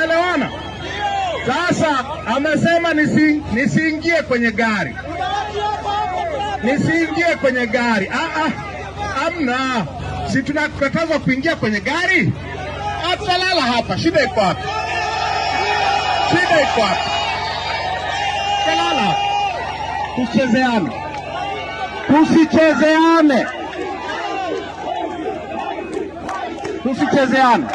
Tunaelewana? Sasa amesema nisi, nisiingie kwenye gari, nisiingie kwenye gari. Ah, ah, amna, si tunakatazwa kuingia kwenye gari? Atalala hapa, shida iko hapa, Shida iko hapa. Talala, tusichezeane, tusichezeane, tusichezeane.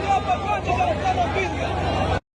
Hapa kwanza, tutafanya binga